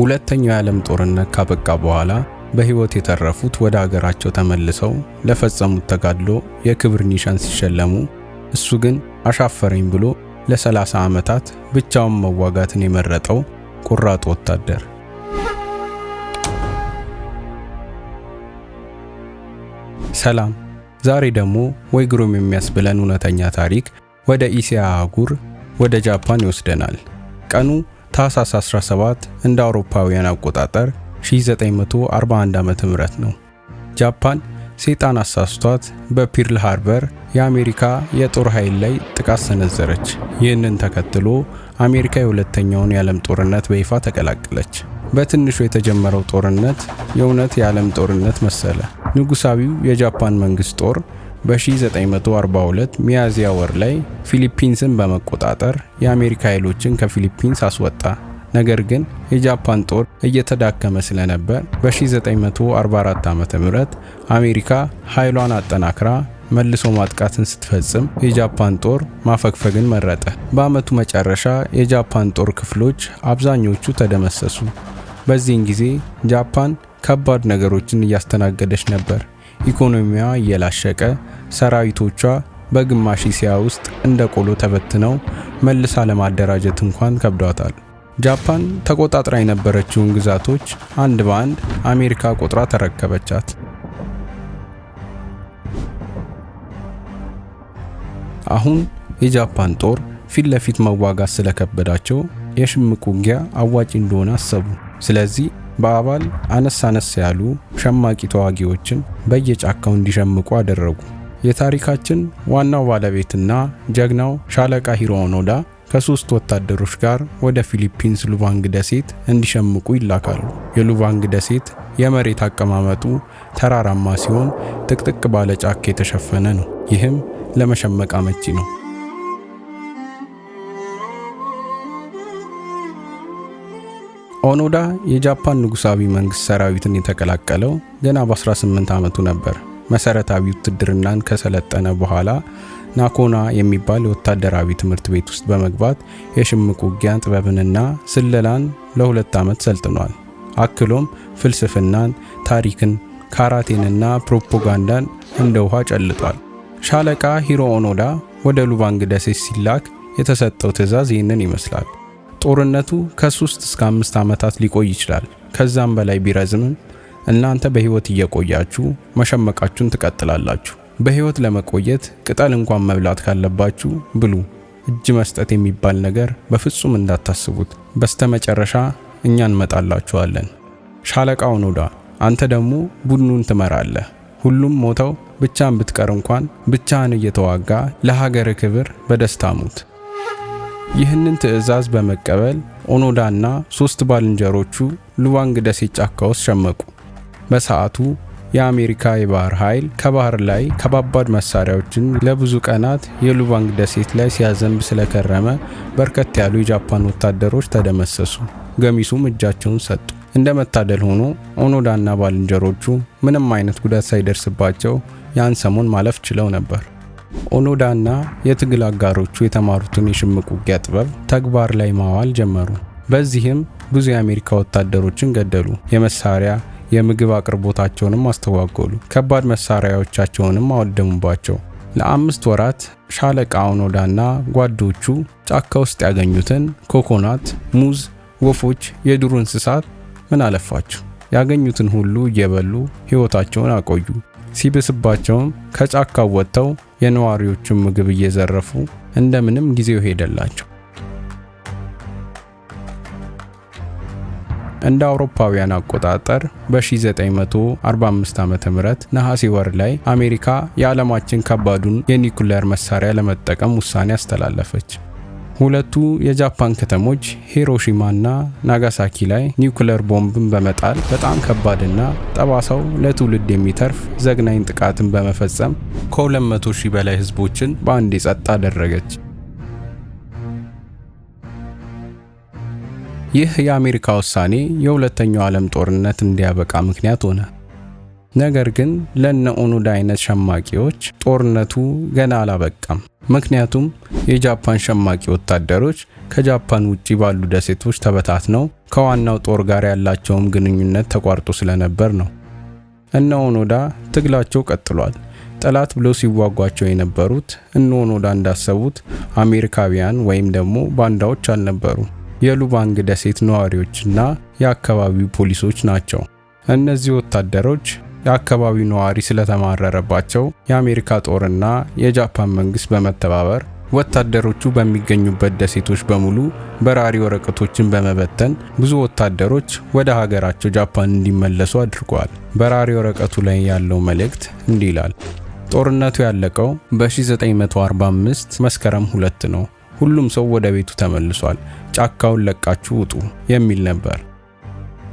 ሁለተኛው የዓለም ጦርነት ካበቃ በኋላ በሕይወት የተረፉት ወደ አገራቸው ተመልሰው ለፈጸሙት ተጋድሎ የክብር ኒሻን ሲሸለሙ፣ እሱ ግን አሻፈረኝ ብሎ ለ30 ዓመታት ብቻውን መዋጋትን የመረጠው ቁራጡ ወታደር። ሰላም፣ ዛሬ ደግሞ ወይ ግሩም የሚያስብለን እውነተኛ ታሪክ ወደ ኢሲያ አህጉር ወደ ጃፓን ይወስደናል። ቀኑ ታህሳስ 17 እንደ አውሮፓውያን አቆጣጠር 1941 ዓ.ም ነው። ጃፓን ሰይጣን አሳስቷት በፒርል ሃርበር የአሜሪካ የጦር ኃይል ላይ ጥቃት ሰነዘረች። ይህንን ተከትሎ አሜሪካ የሁለተኛውን የዓለም ጦርነት በይፋ ተቀላቀለች። በትንሹ የተጀመረው ጦርነት የእውነት የዓለም ጦርነት መሰለ። ንጉሳዊው የጃፓን መንግሥት ጦር በ1942 ሚያዝያ ወር ላይ ፊሊፒንስን በመቆጣጠር የአሜሪካ ኃይሎችን ከፊሊፒንስ አስወጣ። ነገር ግን የጃፓን ጦር እየተዳከመ ስለነበር በ1944 ም አሜሪካ ኃይሏን አጠናክራ መልሶ ማጥቃትን ስትፈጽም የጃፓን ጦር ማፈግፈግን መረጠ። በዓመቱ መጨረሻ የጃፓን ጦር ክፍሎች አብዛኞቹ ተደመሰሱ። በዚህን ጊዜ ጃፓን ከባድ ነገሮችን እያስተናገደች ነበር። ኢኮኖሚዋ እየላሸቀ ሰራዊቶቿ በግማሽ እስያ ውስጥ እንደ ቆሎ ተበትነው መልሳ ለማደራጀት እንኳን ከብዷታል። ጃፓን ተቆጣጥራ የነበረችውን ግዛቶች አንድ በአንድ አሜሪካ ቆጥራ ተረከበቻት። አሁን የጃፓን ጦር ፊት ለፊት መዋጋት ስለከበዳቸው የሽምቅ ውጊያ አዋጭ እንደሆነ አሰቡ። ስለዚህ በአባል አነስ አነስ ያሉ ሸማቂ ተዋጊዎችን በየጫካው እንዲሸምቁ አደረጉ። የታሪካችን ዋናው ባለቤትና ጀግናው ሻለቃ ሂሮኖዳ ኦኖዳ ከሶስት ወታደሮች ጋር ወደ ፊሊፒንስ ሉቫንግ ደሴት እንዲሸምቁ ይላካሉ። የሉቫንግ ደሴት የመሬት አቀማመጡ ተራራማ ሲሆን ጥቅጥቅ ባለ ጫካ የተሸፈነ ነው። ይህም ለመሸመቅ አመቺ ነው። ኦኖዳ የጃፓን ንጉሳዊ መንግስት ሰራዊትን የተቀላቀለው ገና በ18 ዓመቱ ነበር። መሰረታዊ ውትድርናን ከሰለጠነ በኋላ ናኮና የሚባል የወታደራዊ ትምህርት ቤት ውስጥ በመግባት የሽምቅ ውጊያን ጥበብንና ስለላን ለሁለት ዓመት ሰልጥኗል። አክሎም ፍልስፍናን፣ ታሪክን፣ ካራቴንና ፕሮፓጋንዳን እንደ ውሃ ጨልጧል። ሻለቃ ሂሮ ኦኖዳ ወደ ሉባንግ ደሴት ሲላክ የተሰጠው ትዕዛዝ ይህንን ይመስላል። ጦርነቱ ከሶስት እስከ አምስት ዓመታት ሊቆይ ይችላል። ከዛም በላይ ቢረዝምም እናንተ በህይወት እየቆያችሁ መሸመቃችሁን ትቀጥላላችሁ። በህይወት ለመቆየት ቅጠል እንኳን መብላት ካለባችሁ ብሉ። እጅ መስጠት የሚባል ነገር በፍጹም እንዳታስቡት። በስተመጨረሻ እኛ እንመጣላችኋለን። ሻለቃው ኖዳ፣ አንተ ደግሞ ቡድኑን ትመራለህ። ሁሉም ሞተው ብቻን ብትቀር እንኳን ብቻህን እየተዋጋ ለሀገር ክብር በደስታ ሙት። ይህንን ትዕዛዝ በመቀበል ኦኖዳና ሦስት ባልንጀሮቹ ሉዋንግ ደሴት ጫካ ውስጥ ሸመቁ። በሰዓቱ የአሜሪካ የባህር ኃይል ከባህር ላይ ከባባድ መሳሪያዎችን ለብዙ ቀናት የሉባንግ ደሴት ላይ ሲያዘንብ ስለከረመ በርከት ያሉ የጃፓን ወታደሮች ተደመሰሱ፣ ገሚሱም እጃቸውን ሰጡ። እንደ መታደል ሆኖ ኦኖዳና ባልንጀሮቹ ምንም አይነት ጉዳት ሳይደርስባቸው ያን ሰሞን ማለፍ ችለው ነበር። ኦኖዳና የትግል አጋሮቹ የተማሩትን የሽምቅ ውጊያ ጥበብ ተግባር ላይ ማዋል ጀመሩ። በዚህም ብዙ የአሜሪካ ወታደሮችን ገደሉ። የመሳሪያ የምግብ አቅርቦታቸውንም አስተጓጎሉ። ከባድ መሳሪያዎቻቸውንም አወደሙባቸው። ለአምስት ወራት ሻለቃ ኦኖዳና ጓዶቹ ጫካ ውስጥ ያገኙትን ኮኮናት፣ ሙዝ፣ ወፎች፣ የዱር እንስሳት ምን አለፋቸው? ያገኙትን ሁሉ እየበሉ ሕይወታቸውን አቆዩ። ሲብስባቸውም ከጫካው ወጥተው የነዋሪዎቹን ምግብ እየዘረፉ እንደምንም ጊዜው ሄደላቸው። እንደ አውሮፓውያን አቆጣጠር በ1945 ዓ.ም ነሐሴ ወር ላይ አሜሪካ የዓለማችን ከባዱን የኒኩሌር መሳሪያ ለመጠቀም ውሳኔ አስተላለፈች። ሁለቱ የጃፓን ከተሞች እና ናጋሳኪ ላይ ኒውክለር ቦምብን በመጣል በጣም ከባድና ጠባሳው ለትውልድ የሚተርፍ ዘግናኝ ጥቃትን በመፈጸም ከ200 ሺህ በላይ ህዝቦችን በአንድ የጸጥ አደረገች። ይህ የአሜሪካ ውሳኔ የሁለተኛው ዓለም ጦርነት እንዲያበቃ ምክንያት ሆነ። ነገር ግን ለነ ኦኖዳ አይነት ሸማቂዎች ጦርነቱ ገና አላበቃም። ምክንያቱም የጃፓን ሸማቂ ወታደሮች ከጃፓን ውጪ ባሉ ደሴቶች ተበታትነው ከዋናው ጦር ጋር ያላቸውም ግንኙነት ተቋርጦ ስለነበር ነው። እነ ኦኖዳ ትግላቸው ቀጥሏል። ጠላት ብሎ ሲዋጓቸው የነበሩት እነ ኦኖዳ እንዳሰቡት አሜሪካውያን ወይም ደግሞ ባንዳዎች አልነበሩ። የሉባንግ ደሴት ነዋሪዎችና የአካባቢው ፖሊሶች ናቸው። እነዚህ ወታደሮች የአካባቢው ነዋሪ ስለተማረረባቸው የአሜሪካ ጦርና የጃፓን መንግስት በመተባበር ወታደሮቹ በሚገኙበት ደሴቶች በሙሉ በራሪ ወረቀቶችን በመበተን ብዙ ወታደሮች ወደ ሀገራቸው ጃፓን እንዲመለሱ አድርጓል። በራሪ ወረቀቱ ላይ ያለው መልእክት እንዲህ ይላል። ጦርነቱ ያለቀው በ1945 መስከረም ሁለት ነው። ሁሉም ሰው ወደ ቤቱ ተመልሷል። ጫካውን ለቃችሁ ውጡ የሚል ነበር።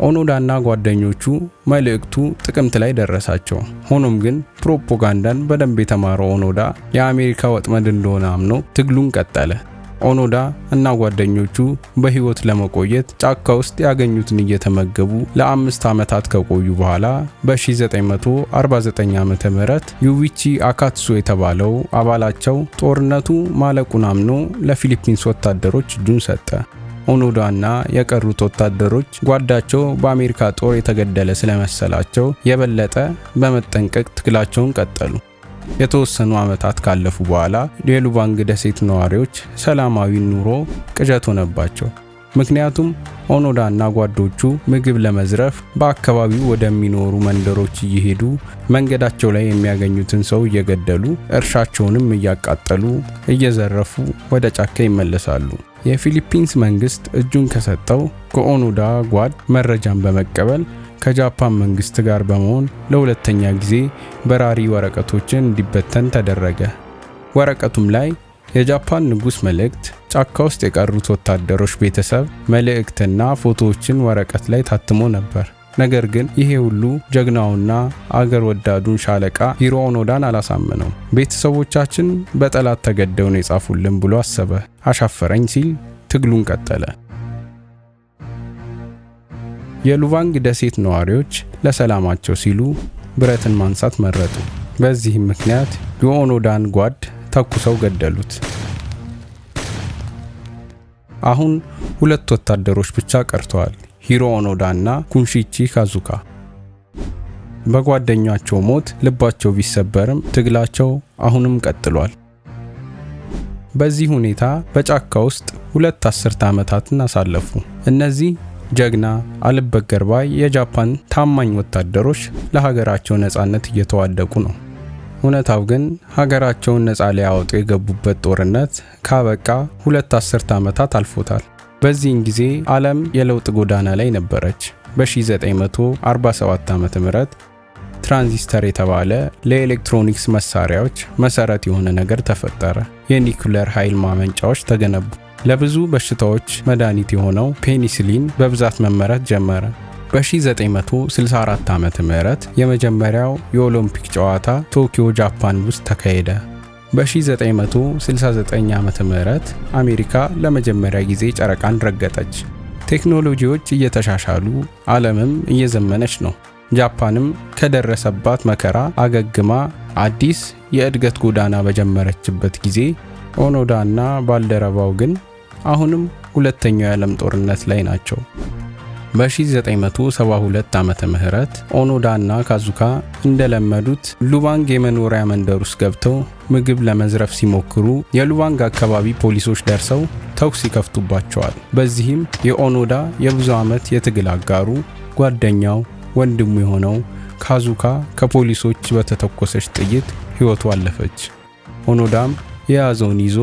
ኦኖዳና ጓደኞቹ መልእክቱ ጥቅምት ላይ ደረሳቸው። ሆኖም ግን ፕሮፓጋንዳን በደንብ የተማረው ኦኖዳ የአሜሪካ ወጥመድ እንደሆነ አምኖ ትግሉን ቀጠለ። ኦኖዳ እና ጓደኞቹ በህይወት ለመቆየት ጫካ ውስጥ ያገኙትን እየተመገቡ ለአምስት ዓመታት ከቆዩ በኋላ በ1949 ም ዩቪቺ አካትሱ የተባለው አባላቸው ጦርነቱ ማለቁን አምኖ ለፊሊፒንስ ወታደሮች እጁን ሰጠ። ኦኖዳና የቀሩት ወታደሮች ጓዳቸው በአሜሪካ ጦር የተገደለ ስለመሰላቸው የበለጠ በመጠንቀቅ ትግላቸውን ቀጠሉ። የተወሰኑ ዓመታት ካለፉ በኋላ የሉባንግ ደሴት ነዋሪዎች ሰላማዊ ኑሮ ቅዠት ሆነባቸው። ምክንያቱም ኦኖዳና ጓዶቹ ምግብ ለመዝረፍ በአካባቢው ወደሚኖሩ መንደሮች እየሄዱ መንገዳቸው ላይ የሚያገኙትን ሰው እየገደሉ እርሻቸውንም እያቃጠሉ እየዘረፉ ወደ ጫካ ይመለሳሉ። የፊሊፒንስ መንግስት እጁን ከሰጠው ከኦኑዳ ጓድ መረጃን በመቀበል ከጃፓን መንግስት ጋር በመሆን ለሁለተኛ ጊዜ በራሪ ወረቀቶችን እንዲበተን ተደረገ። ወረቀቱም ላይ የጃፓን ንጉስ መልእክት፣ ጫካ ውስጥ የቀሩት ወታደሮች ቤተሰብ መልእክትና ፎቶዎችን ወረቀት ላይ ታትሞ ነበር። ነገር ግን ይሄ ሁሉ ጀግናውና አገር ወዳዱን ሻለቃ ሂሮ ኦኖዳን አላሳመነው። ቤተሰቦቻችን በጠላት ተገደው ነው የጻፉልን ብሎ አሰበ። አሻፈረኝ ሲል ትግሉን ቀጠለ። የሉቫንግ ደሴት ነዋሪዎች ለሰላማቸው ሲሉ ብረትን ማንሳት መረጡ። በዚህም ምክንያት የኦኖዳን ጓድ ተኩሰው ገደሉት። አሁን ሁለት ወታደሮች ብቻ ቀርተዋል። ሂሮ ኦኖዳ እና ኩንሺቺ ካዙካ በጓደኛቸው ሞት ልባቸው ቢሰበርም ትግላቸው አሁንም ቀጥሏል። በዚህ ሁኔታ በጫካ ውስጥ ሁለት አስርተ ዓመታትን አሳለፉ። እነዚህ ጀግና አልበገር ባይ የጃፓን ታማኝ ወታደሮች ለሀገራቸው ነፃነት እየተዋደቁ ነው። እውነታው ግን ሀገራቸውን ነፃ ሊያወጡ የገቡበት ጦርነት ካበቃ ሁለት አስርተ ዓመታት አልፎታል። በዚህን ጊዜ ዓለም የለውጥ ጎዳና ላይ ነበረች። በ1947 ዓ ም ትራንዚስተር የተባለ ለኤሌክትሮኒክስ መሳሪያዎች መሰረት የሆነ ነገር ተፈጠረ። የኒኩለር ኃይል ማመንጫዎች ተገነቡ። ለብዙ በሽታዎች መድኃኒት የሆነው ፔኒሲሊን በብዛት መመረት ጀመረ። በ1964 ዓ ም የመጀመሪያው የኦሎምፒክ ጨዋታ ቶኪዮ ጃፓን ውስጥ ተካሄደ። በ1969 ዓ ም አሜሪካ ለመጀመሪያ ጊዜ ጨረቃን ረገጠች። ቴክኖሎጂዎች እየተሻሻሉ ዓለምም እየዘመነች ነው። ጃፓንም ከደረሰባት መከራ አገግማ አዲስ የእድገት ጎዳና በጀመረችበት ጊዜ ኦኖዳና ባልደረባው ግን አሁንም ሁለተኛው የዓለም ጦርነት ላይ ናቸው። በ1972 ዓመተ ምህረት ኦኖዳ እና ካዙካ እንደለመዱት ሉባንግ የመኖሪያ መንደር ውስጥ ገብተው ምግብ ለመዝረፍ ሲሞክሩ የሉባንግ አካባቢ ፖሊሶች ደርሰው ተኩስ ይከፍቱባቸዋል። በዚህም የኦኖዳ የብዙ ዓመት የትግል አጋሩ ጓደኛው፣ ወንድሙ የሆነው ካዙካ ከፖሊሶች በተተኮሰች ጥይት ሕይወቱ አለፈች። ኦኖዳም የያዘውን ይዞ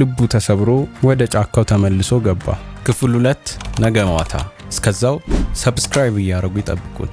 ልቡ ተሰብሮ ወደ ጫካው ተመልሶ ገባ። ክፍል ሁለት ነገ ማታ እስከዛው ሰብስክራይብ እያደረጉ ይጠብቁን።